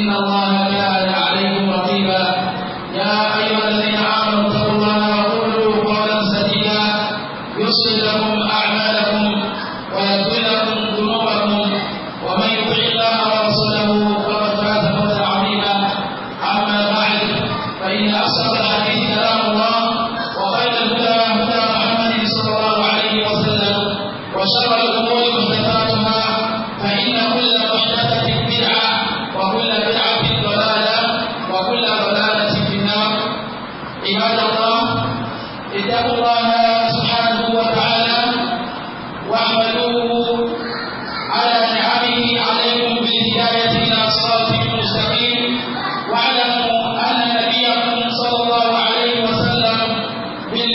إن الله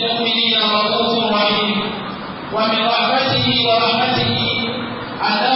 بالمؤمنين رؤوف رحيم ومن رحمته ورحمته أن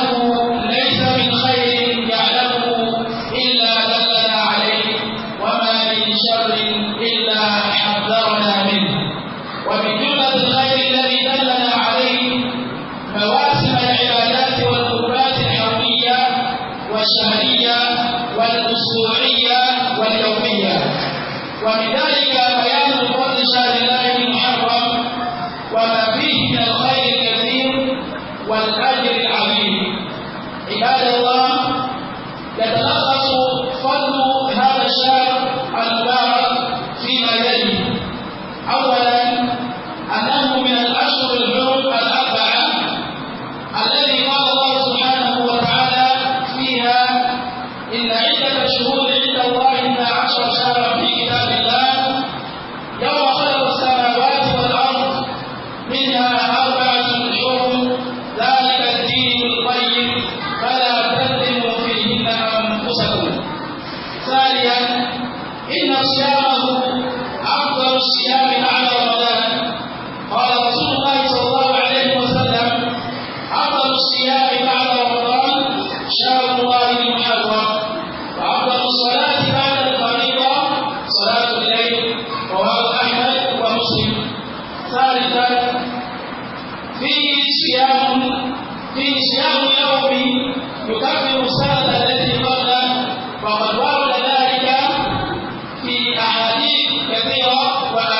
àdí pẹ̀lú yọ wàlá.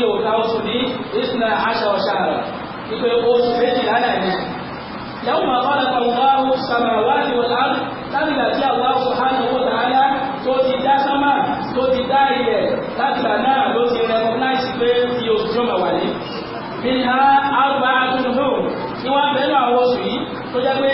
iye òta oṣù ní ìsúná aṣọ ọ̀ṣà rẹ̀ ìpè oṣù méjìlá náà ni. yàwó máa bá lọ́kọ̀ wá sàmà wá ní ọ̀la láti gbà tí àwọn oṣù hàn owó tààlà tó ti dá sánmà tó ti dá ilẹ̀ láti gbà náà ló ti recognize pé iye oṣù tó mà wà ní. bí i ha àgbà àtúntò ní wọ́n bẹ̀rẹ̀ àwọn oṣù yìí tó jẹ́ pé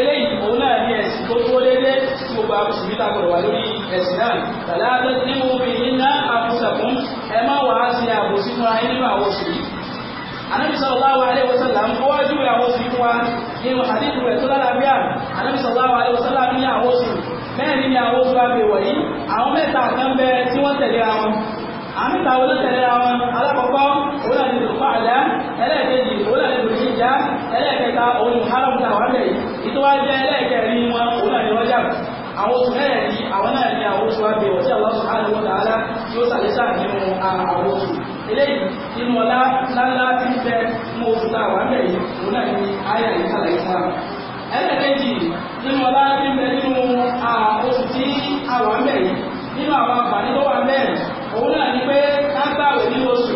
eléyìí òun náà ní ẹ̀sìn tó tó dédé tí ó bá sì níta gbọdọ̀ wà lórí ẹ̀sìn náà tàlẹ́ abẹ́ tí mo fi iná àbùsàkún ẹ má wàá ṣe àbòsí fún ayé nínú àwọn oṣù yìí anabi sallallahu alaihi wasallam ó wá júwe àwọn oṣù fún wa nínú àdínkù rẹ̀ tó lálàáfíà anabi sallallahu alaihi wasallam ní àwọn oṣù mẹ́rin ní àwọn oṣù àbẹ̀wọ̀ yìí àwọn mẹ́ta kan ẹlẹ́ẹ̀kẹta òun ni haram ta wà bẹ̀rẹ̀ ìtọ́ wá jẹ́ ẹlẹ́ẹ̀kẹrin wọn òun náà ni wọ́n jà àwọn oṣù mẹ́rẹ̀ ni àwọn náà ni àwọn oṣù abẹ ọ̀tí Allah subhanahu wa ta'ala tí ó sàlẹ́sà nínú àwọn oṣù eléyìí nínú ọlá ńláńlá ti ń bẹ mú oṣù ta wà bẹ̀rẹ̀ òun náà ni àyà ìsàlẹ̀ ìsàlẹ̀ ẹlẹ́ẹ̀kejì nínú ọlá ti ń nínú oṣù tí a wà bẹ̀rẹ̀ nínú àwọn àǹfààní tó wà bẹ̀rẹ̀ òun náà ni pé ká gbàwé nínú oṣù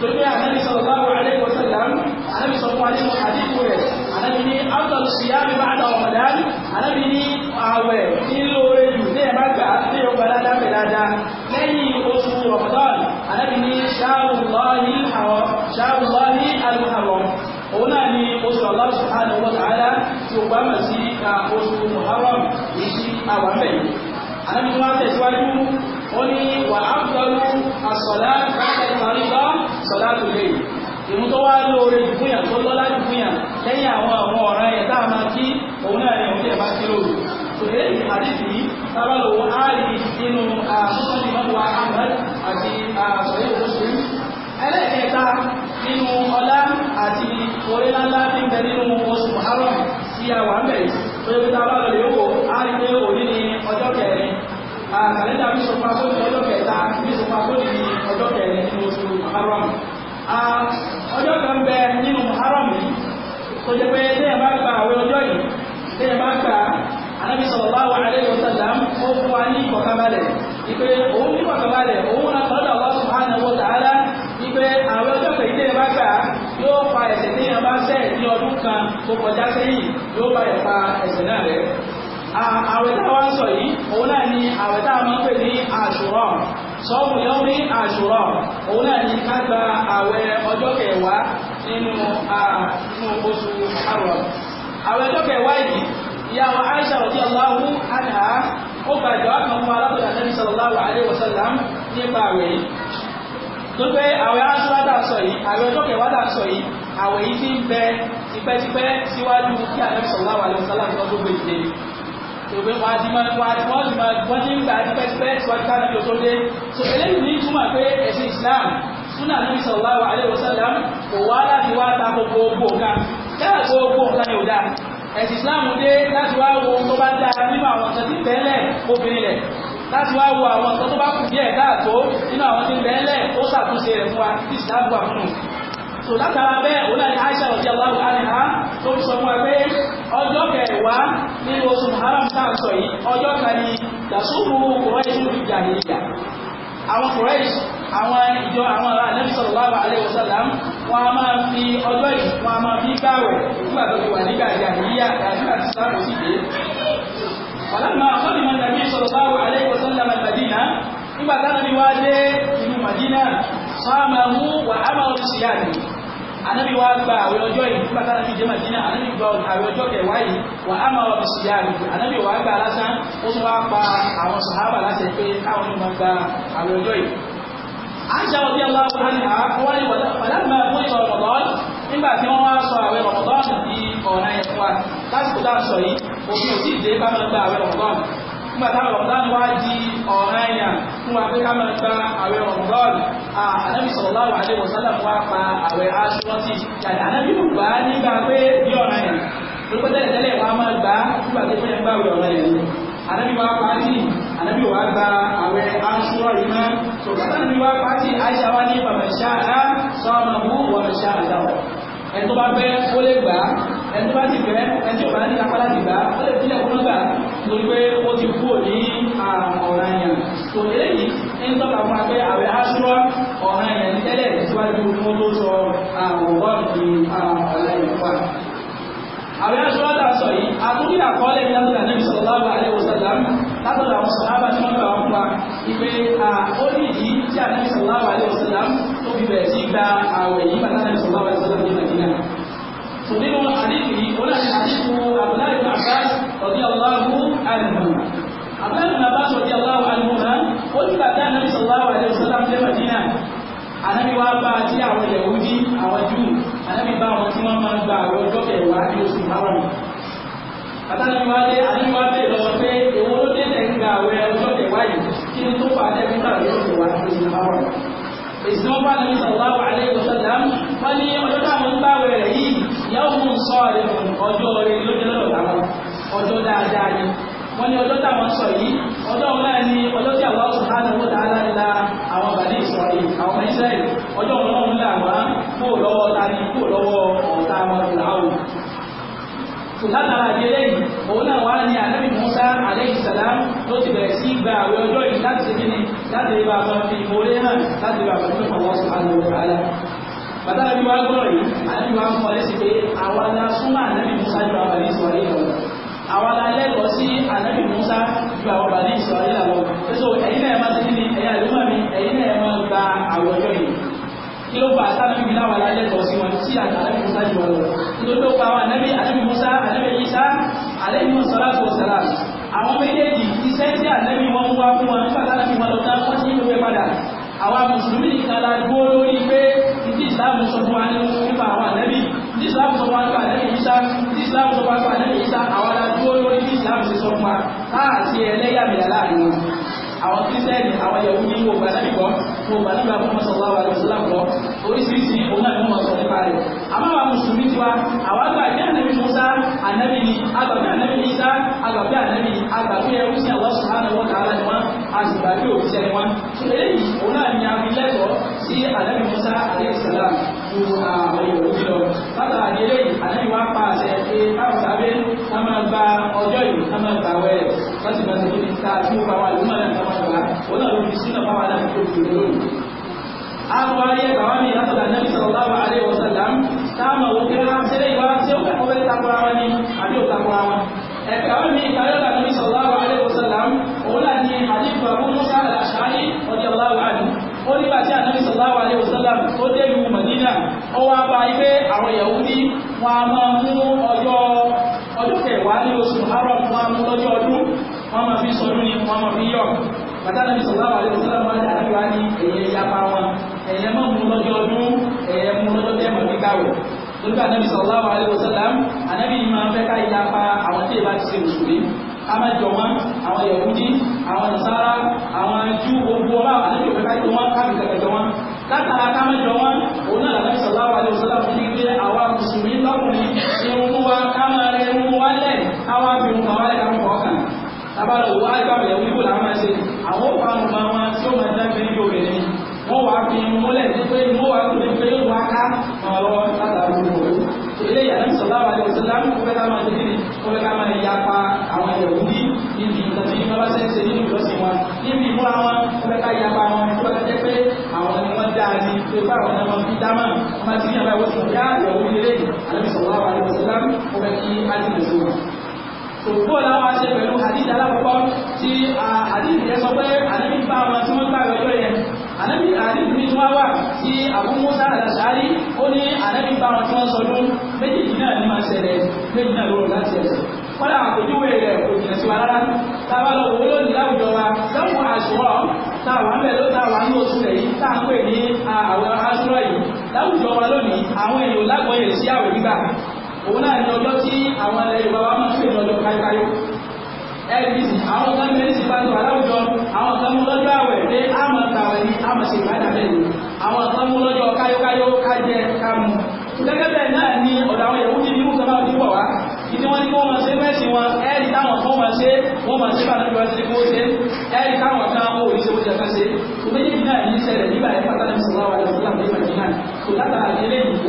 torí ànábi sallallahu alaihi wasallam ànábi sọ fún wa nínú àdínkù rẹ̀ ànábi ní afdalu siyami ba'da Ramadan ànábi ní ààwẹ̀ nílò rẹ̀ jù ní ẹ̀bá gbà ní ọgbà dáadáa bẹ̀ dáadáa lẹ́yìn oṣù Ramadan ànábi ní ṣáàbùlọ́ọ̀lì àwọn ṣáàbùlọ́ọ̀lì al-muharram òun náà ni oṣù Allah subhanahu wa ta'ala tí ó gbá mọ̀ sí ka oṣù Muharram èyí àwàmẹ̀ ànábi wọn tẹ̀síwájú ó sọlá tó lè ìmú tó wá lóore jù fún yàn tó lọ́lá jù fún yàn lẹ́yìn àwọn àwọn ọ̀ràn yẹn tá a máa kí òun náà yẹn tẹ̀ bá kí lóru tòlẹ́ àdìsí sábàlò áàlì nínú àmúṣọ́lì mọ́tòwá Ahmad àti àṣọyé òṣèlú ẹlẹ́ẹ̀kẹta nínú ọlá àti orí ńláńlá tí ń bẹ nínú oṣù Muharram sí àwọn kàlẹ́ndà mi sọ fún aṣọ ní ọjọ́ kẹta mi sọ fún aṣọ ní ọjọ́ kẹrin nínú oṣù Muharram ọjọ́ kan bẹ nínú Muharram yìí tó jẹ pé téèyàn bá gba àwọn ọjọ́ yìí téèyàn bá gba Ànábì sallallahu alaihi wasallam ó fún wa ní ìkọ̀kabalẹ̀ ìpè òun ní ìkọ̀kabalẹ̀ òun náà lọ́dọ̀ Allah subhanahu wa ta'ala ìpè àwọn ọjọ́ kẹyìn téèyàn bá gbà yóò fa ẹ̀ṣẹ̀ téèyàn bá ṣẹ̀ ní ọdún kan tó kọjá sẹ́yìn yóò bá ẹ̀fà ẹ̀ṣẹ̀ náà rẹ̀ àwẹ̀ tá a wá ń sọ yìí òun náà ni àwẹ̀ tá a máa ń pè ní àṣùrọ̀ sọ́ọ̀mù yóò ní àṣùrọ̀ òun náà ni ká gba àwẹ̀ ọjọ́ kẹwàá nínú oṣù àrọ̀ àwẹ̀ ọjọ́ kẹwàá yìí ìyá wa Aisha radiyallahu anha ó gba ìjọba kan fún alábòjá Nabi sallallahu alaihi wasallam nípa àwẹ̀ yìí tó pé àwẹ̀ aṣọ́lá dà sọ yìí àwẹ̀ ọjọ́ kẹwàá dà sọ yìí àwẹ̀ yìí ti ń bẹ tipẹ́tipẹ́ síwájú kí Nabi sallallahu alaihi wasallam tó gbé ìdè ìwé wa di máa wá di wọ́n ti máa wọ́n ti ń gbà ní pẹ́sipẹ́ síwájú káàdì tó tó dé so eléyìí ní túmọ̀ pé ẹ̀sìn Islam súnà Nabi sallallahu alaihi wasallam kò wá láti wá ta gbogbo nǹkan yálà gbogbo nǹkan yóò dáa ẹ̀sìn Islam dé láti wá wo tó bá dáa nínú àwọn ọ̀sán tí tẹ́lẹ̀ obìnrin rẹ̀ láti wá wo àwọn ọ̀sán tó bá kù díẹ̀ káàtó nínú àwọn tí tẹ́lẹ̀ ó ṣàtúnṣe rẹ̀ fún wa Islam wà fún un so látara bẹ́ẹ̀ òun náà ni Aisha ọ̀jẹ̀ aláwọ̀ àníhá tó ń sọ fún wa pé ọjọ́ kẹwàá ní oṣù Muharram tá à ń sọ yìí ọjọ́ kan ni dàsúrù Quraysh ní jàhílíyà àwọn Quraysh àwọn ìjọ àwọn ará Ànábì sallallahu alaihi wasallam wọn a máa fi ọjọ́ yìí wọn a máa fi gbààwẹ̀ nígbà tó ti wà nígbà jàhílíyà àti àti sáàmù sì dé. Falamma qadima an-nabi sallallahu alaihi anabi wa gba àwọn ọjọ́ yìí nígbà tára fi jẹ́ màdínà anabi gba àwọn ọjọ́ kẹwàá yìí wà á máa wà bìsì yára anabi wa gba lásán ó tún wá pa àwọn sàhábà láti pé káwọn ní wọn gba àwọn ọjọ́ yìí. àṣà ọbí aláwọ̀ hàn á wọ́n ní wàlá máa fún ìwà Ramadan nígbà tí wọ́n wá sọ àwẹ̀ Ramadan di ọ̀ràn ẹ̀fọ́ wa lásìkò tá a sọ yìí òfin òsì nígbà táwọn Ramadan wá di ọ̀ràn ẹ̀yà fún wa pé ká máa gba àwẹ̀ Ramadan ànábì sallallahu alaihi wasallam wá pa àwẹ̀ aṣọ́tì yàtọ̀ ànábì kò gbà á nígbà pé bí ọ̀ràn ẹ̀yà lóko tẹ́lẹ̀ tẹ́lẹ̀ wàá máa gbà á nígbà tó fẹ́ gbà àwẹ̀ ọ̀ràn ẹ̀yà ànábì wá pa á sí ànábì wá gba àwẹ̀ aṣọ́ ìmọ̀ sọ̀kátà níbi wá pa á sí àìsà wá ní bàbàṣà á sọ́ọ̀mù wọ̀ọ̀ṣà àdáwọ̀ ẹni tó bá fẹ́ ó lè gbà á ẹni tó bá ti fẹ́ ẹni tó bá ní apá torí pé ó ti kú ní ọ̀ràn yẹn tó eléyìí ń tọ́ka fún wa pé àwẹ̀ aṣọ́rọ́ ọ̀ràn yẹn ní tẹ́lẹ̀ síwájú fún tó sọ àwòrán ní ọ̀ràn yẹn wà. àwẹ̀ aṣọ́rọ́ ta sọ yìí àtúndì àkọọ́lẹ̀ ní látọ̀dà Nábì sallallahu alaihi wasallam látọ̀dà àwọn sàlábà tí wọ́n gbà wọ́n pa ìpè ó ní ìdí tí Nábì sallallahu alaihi wasallam tó fi bẹ̀rẹ̀ sí gba àwẹ̀ yìí bàtà Nábì sallallahu alaihi wasallam ní Màdínà. sòdínú àdéhùn yìí ó náà ní àdéhùn Abdullahi Abbas anhu abdullahi bin abbas radiyallahu anhu náà ó ti bàtà anabi sallallahu alayhi wa sallam lẹ́wọ̀n bá a ti àwọn yahudi wọ́n ní ọjọ́ táwọn sọ yìí ọjọ́ òun náà ni ọjọ́ tí àwọn ọ̀sán hàn lọ́wọ́ dáadáa ní àwọn bàdé ìsọ̀rí àwọn ọmọ ọjọ́ òun náà ń là kó lọ́wọ́ ta ni kó lọ́wọ́ ọ̀tá wọn làwọn. látara ìdílé òun náà wá ní anábì Musa alayhi salam ló ti bẹ̀rẹ̀ sí gba àwọn ọjọ́ yìí láti ṣe kíni láti lè bá wọn fi ìmọ̀lé hàn láti lè bá wọn fi ọwọ́ sọ bàtà àbí wàá gbọ́rọ̀ yìí àbí wàá mọ̀ lẹ́sìn pé àwọn adásúnmọ̀ àwọn alẹ́kọ̀ọ́ sí ànábì Musa ju àwọn bàbá ìsọ̀rọ̀ yìí lọ so ẹ̀yin náà máa tẹ́lẹ̀ ẹ̀yin àdúgbò mi ẹ̀yin náà máa gba àwọn ọjọ́ yìí kí ló fà á sábà bíbí láwọn alẹ́kọ̀ọ́ sí wọn sí ànábì Musa ju wọn lọ nítorí tó pa àwọn ànábì ànábì Musa ànábì Isa ànábì Musa tó sàlá àwọn méjèèjì iṣẹ́ tí ànábì wọn wá fún wọn nígbà tánábì wọn lọ tán wọ́n ti ń lóye padà àwọn mùsùlùmí nìkan la dúró lórí pé ìdí ìsìláàmù sọ fún wa nípa àwọn ànábì ìdí ìsìláàmù sọ fún wa nípa ànábì Isa ìdí ìsìláàmù sọ fún wa nípa ànábì Isa àwọn sọ fún wa káà ṣe ẹlẹ́yàmẹ̀yà láàrin wọn àwọn kírísítẹ́nì àwọn yẹ̀wò ní gbogbo àdábìgbọ́ gbogbo àdábìgbà fún mọ́sọ̀lá wa lọ́sọ̀lá gbọ́ oríṣiríṣi òun náà ni wọ́n sọ nípa rẹ̀ àmọ́ àwọn mùsùlùmí ti wa àwọn àgbà bí ànábì Mùsá ànábì ni àgbà bí ànábì Ìsá àgbà bí ànábì àgbà bí ẹrú sí àwọn sùhánà wọn kàálà ni wọn àgbà bí òun sẹni wọn eléyìí òun náà ni àbí lẹ́tọ̀ọ́ sí ànábì Mùsá àdéhùsálà ju àwọn yòówù lọ látàrí eléyìí ànábì wa pa àṣẹ tá a tún báwa ló máa e ń tọ́ wọn wá wọn náà ló fi sínú báwa náà tó fi lóyún. a kọ́ ayé bàbá mi látọ̀dá nẹ́bí sallallahu alaihi wasallam táàmù òun wọ́n a máa mú ọjọ́ ọdún kẹwàá ní oṣù Haram wọn a mú lọ́jọ́ ọdún wọ́n máa fi sọdún ni wọ́n máa fi yọ̀ bàtà nàbí sọ̀rọ̀ àwọn àlejò sọ́dọ̀ máa dà bí wá ní ẹ̀yẹ yapa wọn ẹ̀yẹ mọ́ mú lọ́jọ́ ọdún ẹ̀yẹ mú lọ́jọ́ tẹ́mọ̀ gbígbà wò lórí ànábì sọ̀rọ̀ àwọn àlejò sọ́dọ̀ ànábì máa fẹ́ ká yapa àwọn tí ìbá ti ṣe mùsùlùmí ama jọ wọn àwọn yahudi àwọn nasara àwọn ju gbogbo ọba àlejò fẹ́ ká jọ wọn kábi kẹkẹ jọ wọn látara ká má jọ wọn òun náà làbẹ́ sọ̀rọ̀ àwọn àlejò sọ́dọ̀ fún mi pé àwa mùsùlùmí lọ́kùnrin ti ń mú wa ká máa rẹ̀ ń mú wa lẹ̀ káwa fi ń kàn lẹ̀ àbára òwò ágbàmì ẹ̀wù kò láwọn ṣe àwọn òpàrùn bá wọn tí ó máa dá mi ní obìnrin ni wọ́n wá fi irun mọ́lẹ̀ ní pé wọ́n wá kúrò pé yóò wá ká máa lọ látàrí òwò ilé ìyàrá ìṣọ̀lá wa lẹ́wọ̀n sọ́lá mú kọ́fẹ́ láwọn ṣe kíni kọ́fẹ́ ká máa ya pa àwọn ẹ̀wù bí níbi nǹkan tí wọ́n bá ṣe ń ṣe nínú ìjọsìn wọn níbi ìmúra wọn kọ́fẹ́ ká ya pa wọn kọ́fẹ́ ká jẹ́ pé àwọn ni wọ́n dáa ní pé báwọn náà máa fi dá mọ́ wọn ti ní àbáwọ̀ sọ̀rọ̀ yá ìyàwó ilé ìṣọ̀lá wa lẹ́wọ̀n sọ́lá mú kọ́fẹ́ kí á ti lè ṣe wọn tòkó làwọn aṣẹ pẹ̀lú hadith alákọ̀ọ́kọ́ tí hadith yẹn sọ pé ànábì bá wọn tí wọ́n gbà lọ́jọ́ yẹn ànábì hadith mi tún wá wà tí Abu Musa al-Ash'ari ó ní ànábì bá wọn tí wọ́n sọ lóhùn méjèèjì náà ni máa ṣẹlẹ̀ méjì náà lóhùn láti ẹ̀sẹ̀ kọ́lá àpèjúwe rẹ̀ kò jìnà sí wa rárá táwa lọ wò lónìí láwùjọ wa lọ́wọ́ àṣùwọ̀ táwa ń bẹ̀ ló táwa ní oṣù rẹ̀ yìí tá à ń pè ní àwọn aṣúrọ̀ yìí láwùjọ wa lónìí àwọn èèyàn lágbọ́yè sí àwẹ̀ gbígbà òun náà ní ọjọ́ tí àwọn ilẹ̀ Yorùbá wa máa ń pè ní ọjọ́ káríkárí ndc àwọn kan ní ndc bá ń lọ aláwùjọ àwọn kan mú lọ́jọ́ àwẹ̀ pé a máa ta àwẹ̀ ní a máa ṣe ìbádà bẹ́ẹ̀ ni àwọn kan mú lọ́jọ́ káyókáyó kájẹ kámu gẹ́gẹ́ bẹ́ẹ̀ náà ni ọ̀dọ̀ àwọn yòówù ti ní musa máa ń bọ̀ wá ìdí wọn ni kó máa ṣe mẹ́sìn wọn ẹ́ẹ̀dì táwọn kan máa ṣe wọ́n máa ṣe bá lọ́jọ́ àti kó ṣe ẹ́ẹ̀dì táwọn kan ó rí ṣe bó ṣe fẹ́ ṣe òbí yìí náà ní ìṣẹ̀lẹ̀ nígbà yẹn pátá ní sọ̀rọ̀ àwọn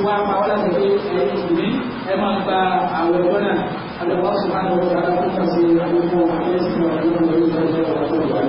ti wá pa wọ́n láti pé ẹni ìwé ẹ máa gba àwọn ẹ̀wọ́n náà àlọ́wọ́ sùn máa ń lọ sára fún kàṣe àgbẹ̀fọ́ àyẹ̀sí ọ̀rọ̀ lórí ìtọ́jú ọ̀rọ̀ tó wà.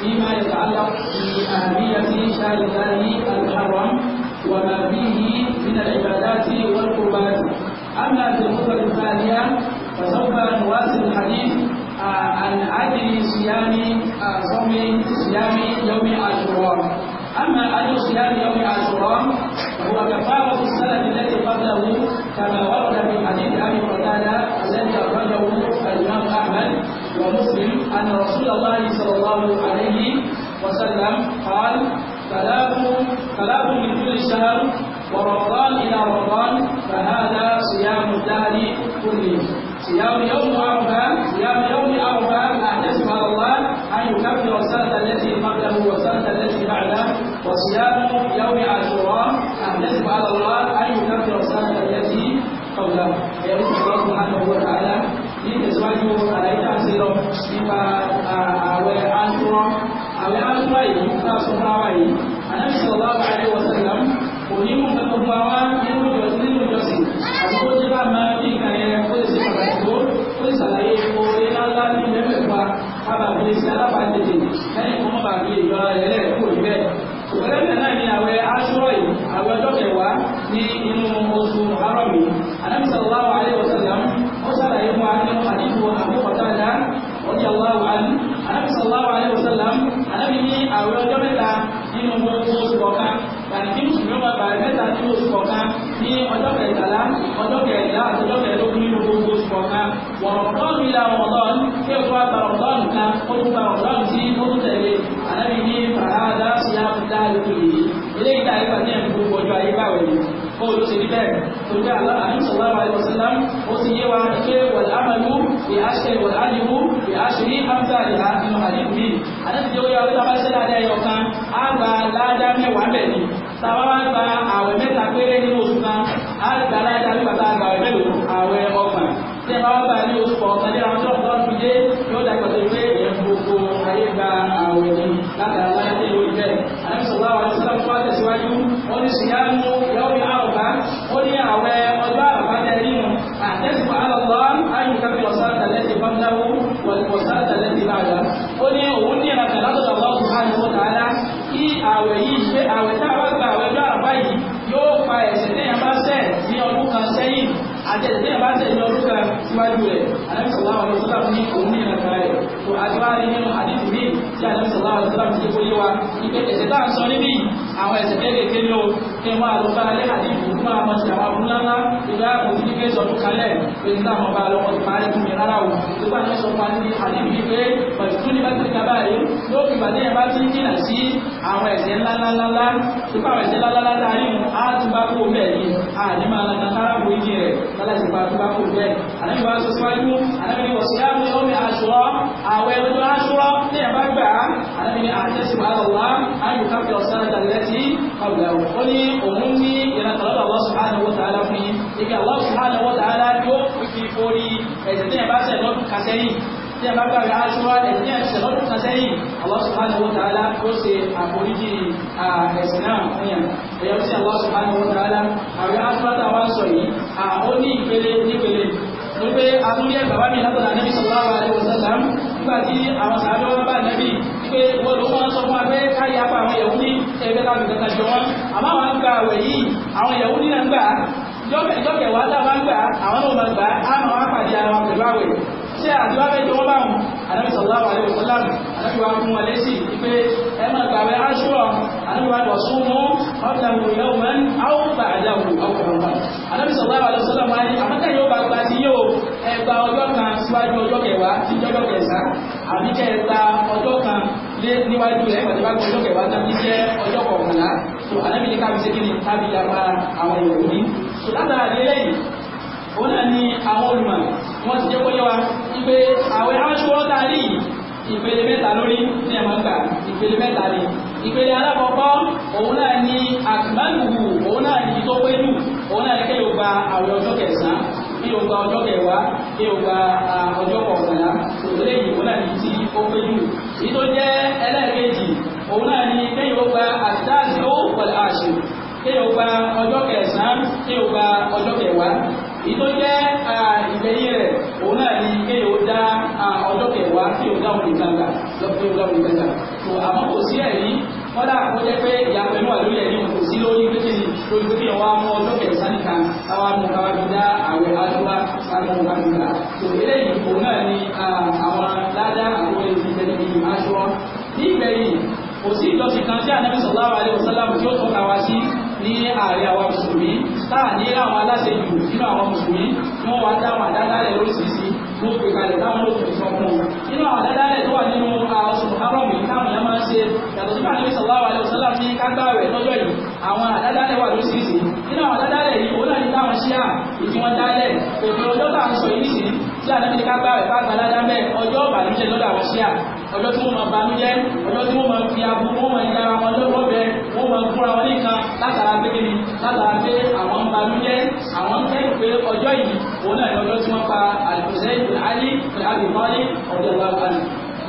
فيما يتعلق بأهمية شهر الله المحرم وما فيه من العبادات والقربات أما في الخطبة الثانية فسوف نواصل الحديث آه، عن عدل صيام آه، صوم صيام يوم عاشوراء أما عدل صيام يوم عاشوراء فهو كفارة السنة التي قبله كما ورد في حديث ومسلم أن رسول الله صلى الله عليه وسلم قال ثلاث ثلاث من كل شهر ورمضان إلى رمضان فهذا صيام الدهر كله صيام يوم عرفة صيام يوم عرفة أحدث على الله أن يكفر السنة التي قبله والسنة التي بعده وصيام يوم عاشوراء أحدث nípa ààwẹ̀ àtúrọ̀ ààwẹ̀ àtúrọ̀ yìí nípa sọ́kúnráwà yìí anábì sọ̀rọ̀ bá wà ní wọ́sẹ̀lám kò ní mú nǹkan gbogbo àwa nínú nínú ìjọsìn àmọ́ ó ti bá máa bí nǹkan yẹn ó lè ṣe pàtàkì tó ó lè ṣàlàyé oore ńláńlá ní mẹ́fẹ̀ẹ́fà bàbá àbílẹ̀ sí alábàá tètè lẹ́yìn kó má bàbá ìjọra ẹlẹ́rìí kẹtàlá ọjọ́ kẹtàlá àti ọjọ́ kẹtàlógún nínú gbogbo oṣù kọ̀ọ̀kan wọ̀rọ̀dọ́n mi la wọ̀rọ̀dọ́n kí o wá gbàrọ̀dọ́n kan ó tún gbàrọ̀dọ́n sí ó tún tẹ̀lé àlẹ́bí ní fàràdà sí àbúdá lókè yìí eléyìí tá a yípa ní ẹ̀kú ọjọ́ ayé báwẹ̀ ni ó ló ti rí bẹ́ẹ̀ tó àlọ́ àdúgbò àlọ́sílám ó ti yé wa pé wọ̀lá àmàlú fi àṣẹ wọ̀lá àdìbò ní hamza àdìbà nínú àdìbò yìí àdìbò yóò yá wípé dáadáa ẹ̀yọ̀ kan á gba ládàá mẹ́wàá bẹ̀ tàbá wá gba àwẹ̀ mẹ́ta péré nínú oṣù kan àgbàlájà nígbà tá a gbà wẹ̀ mélòó àwẹ̀ ọgbà tí ẹ bá wá gbà ní oṣù kọ̀ọ̀kan lé àwọn tí ọ̀dọ́ fi dé yóò dàgbà tó pé èèyàn gbogbo ayé gba àwẹ̀ ni látara láyé tó yóò jẹ́ àyẹ̀sọ̀lá wa ti sọ́dọ̀ fún àtẹ̀síwájú ó ní sì yá mú yọ̀ọ́ mi àrùbá ó ní àwẹ̀ ọjọ́ àrùbá tẹ̀ rí mu àtẹ̀síwá àlọ́lọ́ ayùkápẹ́ ọ̀sán àtàlẹ́sẹ̀ fọ́ndáwó wọ̀lùkọ̀sán àtàlẹ́sẹ̀ bàjá ó ní òun ní ìrànlọ́dọ̀ àtẹ̀lẹ́yìn bá tẹ̀lé ọdún kan síwájú rẹ̀ alẹ́sọ̀lá ọ̀rọ̀ sọ́lá fún ní òun ní ìrìnàjò rẹ̀ tó àjọwárí nínú àdìsí mi tí alẹ́sọ̀lá ọ̀rọ̀ sọ́lá fún ní kó yé wa ìpè ẹ̀sẹ̀ tá à ń sọ níbí àwọn ẹ̀sẹ̀ kéékèèké ní o kí máa lọ bá alẹ́ àdìbò máa mọ̀ sí àwọn abúlá ńlá ìgbà òbí ní kéjọ tó kalẹ̀ pé nígbà wọn bá lọ́wọ́ ìpa rẹ̀ fún mi rárá o nígbà tó sọ fún adìbò àdìbò yìí pé pẹ̀lú tún ní bá ti kaba rẹ̀ yóò fi bàtẹ́ yẹn bá ti jìnà sí àwọn ẹ̀sẹ̀ ńláńláńlá nípa àwọn ẹ̀sẹ̀ ńláńláńlá láàrin mu á ti bá kó bẹ́ẹ̀ ni a ní máa lọ nàkárà wo iye rẹ̀ lálàsì bá tó bá kó bẹ́ẹ̀ ànábi wá sọ síwájú ànábi ní wọ̀sí àmì omi àṣùrọ̀ àwẹ̀ ọdún àṣùrọ̀ ní ẹ̀bá gbà ànábi ní àtẹ̀síwájú ọ̀la àyùká fi ọ̀sán àdàlẹ́tì ọ̀gbà òkú ní òun ní ìrànlọ́dọ̀ Allah subhanahu wa ta'ala fún yín ibi Allah subhanahu wa ta'ala yóò fi forí ẹ̀ṣẹ̀ tí ẹ bá ṣẹ̀ lọ́dún kan sẹ́yìn tí ẹ bá gbà rẹ̀ aṣọ́ra ẹ̀ṣẹ̀ tí ẹ ṣẹ̀ lọ́dún kan sẹ́yìn Allah subhanahu wa ta'ala yóò ṣe àforíjì ẹ̀ṣẹ̀ náà fún yàn ẹ̀yọ́ tí Allah subhanahu wa ta'ala àwẹ̀ aṣọ́ra tá a wá sọ yìí ó ẹgbẹ́ táwọn ìgbà tàjọ wọn àmọ́ àwọn àgbà àwẹ̀ yìí àwọn ìyàwó nínú àgbà ìjọkẹ̀wá táwọn àgbà àwọn náà gbà á máa wá pàdé ara wọn pẹ̀lú àwẹ̀ ṣé àdúrà bẹ́ẹ̀ jọ wọ́n bá wọn ànábì sallallahu alaihi wasallam ànábì wa fún wọn lẹ́sì pé ẹ máa gbà wẹ̀ Àṣúrà ànábì wa lọ sún mọ́ ọ̀dà wò yẹ wọn á ó gbà àjà wò ọkọ̀ wọn. ànábì sallallahu alaihi wasallam wa ni àmọ́tà yóò bá gba sí yóò ẹ gba ọjọ́ kan síwájú ọjọ́ kẹwàá sí ọjọ́ kẹsàn-án àbíkẹ́ ẹ gba ọjọ́ kan síwájú rẹ̀ pàtàkì bá kẹwàá náà jẹ́ ọjọ́ kọ̀ọ̀kànlá so ànábì ní káfíńsì kí ni tábì yapa àwọn èrò ní so látara lélẹ́yìn òun náà ni àwọn olùmọ̀ wọ́n ti jẹ́ kó wa wípé àwọn aṣọ́wọ́ tá a rí ìpele mẹ́ta lórí ní ẹ̀mọ́ gbà ìpele mẹ́ta ni ìpele alákọ̀ọ́kọ́ òun náà ni àtìmánùwù òun náà ni tó pé jù òun náà ni kí yóò gba àwọn ọjọ́ kẹsàn-án kí yóò gba ọjọ́ kẹwàá kí yóò gba ọjọ́ kọ̀ọ̀kànlá òun náà ni tí ó pé jù èyí tó jẹ́ ẹlẹ́ẹ̀kejì òun náà ni kéèyàn ó gba àtàzí ó pẹ̀lú àṣù kéèyàn ó gba ọjọ́ kẹsàn-án kéèyàn ó gba ọjọ́ kẹwàá èyí tó jẹ́ ìgbẹ̀yìn rẹ̀ òun náà ni kéèyàn ó dá ọjọ́ kẹwàá kéèyàn ó dáhùn ìgbàgbà lọ́pọ̀ dáhùn ìgbàgbà tó àmọ́ kò sí ẹ̀rí kọ́dà kó jẹ́ pé ìyàpẹ̀ inú àlórí ẹ̀rí kò sí lórí pété ni lórí pété wa mú ọjọ́ kẹsàn-án nìkan táwa mú káwá fi dá àwẹ̀ àdúrà sáà mú káwá kan tí ànábì sallallahu alaihi wasallam tí ó tọ́ka wá sí ní ààrẹ àwọn mùsùlùmí táà ní àwọn aláṣẹ ìlú nínú àwọn mùsùlùmí tí wọ́n wá dáwọn àdádálẹ̀ lóríṣiríṣi tó pè kalẹ̀ táwọn ló fi sọmọ nínú àwọn àdádálẹ̀ tó wà nínú àwọn arọ́mì táwọn yẹn máa ń ṣe yàtọ̀ sí fàánì sallallahu alaihi wasallam ní kágbáwẹ̀ lọ́jọ́ yìí àwọn àdádálẹ̀ wà lóríṣiríṣi nínú àwọn àdádálẹ̀ yìí ó náà ní táwọn ṣíà ìdí wọn dálẹ̀ òfin ọjọ́ táwọn sọ yìí sí tí àdébìnrin kágbáwẹ̀ bá gbalá dábẹ́ ọjọ́ ọ̀bàlújẹ́ lọ́dọ̀ àwọn ṣíà ọjọ́ tí wọ́n máa banújẹ́ ọjọ́ tí wọ́n máa fi abú wọ́n máa yára wọn lọ́wọ́ bẹ wọ́n máa gúnra wọn nìkan látara pé kí ni látara pé àwọn banújẹ́ àwọn ń kẹ́rù pé ọjọ́ yìí òun náà ní ọjọ́ tí wọ́n pa àlùfẹ́ ìbùhálí àbìmọ́lí ọ̀dọ̀ ìbáraẹni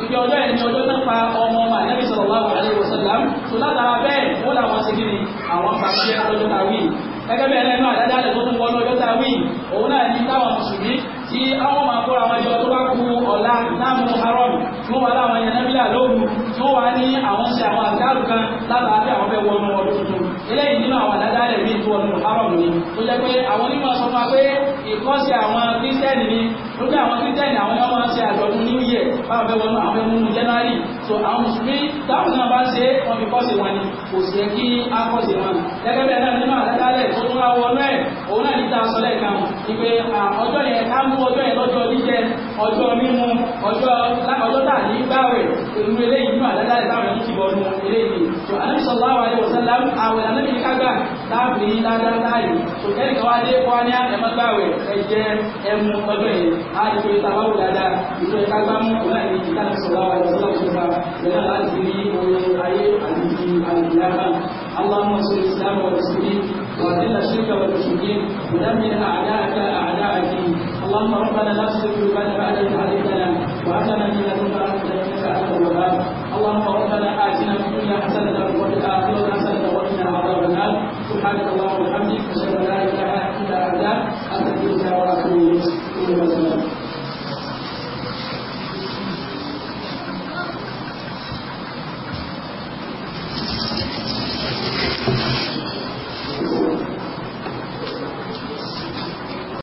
ìjọ ọjọ́ ẹ̀ ní ọjọ́ tó pa ọmọ ọmọ ànábì sallallahu alaihi wasallam tó látara bẹ́ẹ̀ wọ́n làwọn ṣe ni àwọn pàṣẹ ọjọ́ tàwí gẹ́gẹ́ bẹ́ẹ̀ lẹ́nu àdájá lè tó tún wọ́n ọjọ́ tàwí òun náà tí àwọn máa kóra wọn jọ tó bá kú ọ̀la láàmú arọ́ọ̀mù tí wọ́n wà láwọn yẹn nábìlà lóhùn tí wọ́n wà ní àwọn ṣe àwọn àgbàlù kan látàrí àwọn fẹ́ wọnú ọdún tuntun eléyìí nínú àwọn àdádálẹ̀ bíi tó ọdún haram ni tó jẹ́ pé àwọn onímọ̀ sọ fún wa pé ìkọ́sí àwọn kírísítẹ́nì ni ó jẹ́ àwọn kírísítẹ́nì àwọn ọmọ wọn ṣe àjọ̀dún new year báwọn fẹ́ wọnú àwọn ẹmú so àwọn mùsùlùmí táwọn náà bá ń ṣe wọn fi kọ́sí wọn ni kò sì yẹ kí á kọ́sí wọn. gẹ́gẹ́ bẹ́ẹ̀ náà nínú àdádálẹ̀ tó tún wá wọnú ẹ̀ òun náà ní ta sọ lẹ́ẹ̀kan ni pé ọjọ́ yẹn ká mú ọjọ́ yẹn lọ́jọ́ ọjọ́ mímu ọjọ́ ọjọ́ tà ní gbáwẹ̀ ìlú eléyìí nínú àdáda ìbáwẹ̀ ní ti bọ̀ọ̀nù eléyìí tó anábì sallallahu alaihi wasallam àwẹ̀ anábì kágbà láàbì ní dáadáa láàyè tó kẹ́rì kan wá dé wá ní ẹ̀mọ́ gbáwẹ̀ ẹ̀jẹ̀ ẹ̀mú ọjọ́ yẹn á ti pé tabawo dáadáa ìjọ ẹ̀ká gbámú òun àti ìtàkùn sallallahu alaihi wasallam tó bá lẹ́yìn láti rí orin ayé àti ti àlùyàmá اللهم انصر الاسلام والمسلمين واذل الشرك اللهم ربنا لا تزغ قلوبنا بعد إذ هديتنا وهب لنا من لدنك رحمة إنك أنت اللهم ربنا آتنا في الدنيا حسنة وفي الآخرة حسنة وقنا عذاب النار سبحانك اللهم وبحمدك أشهد أن لا إله إلا أنت أستغفرك وأتوب إليك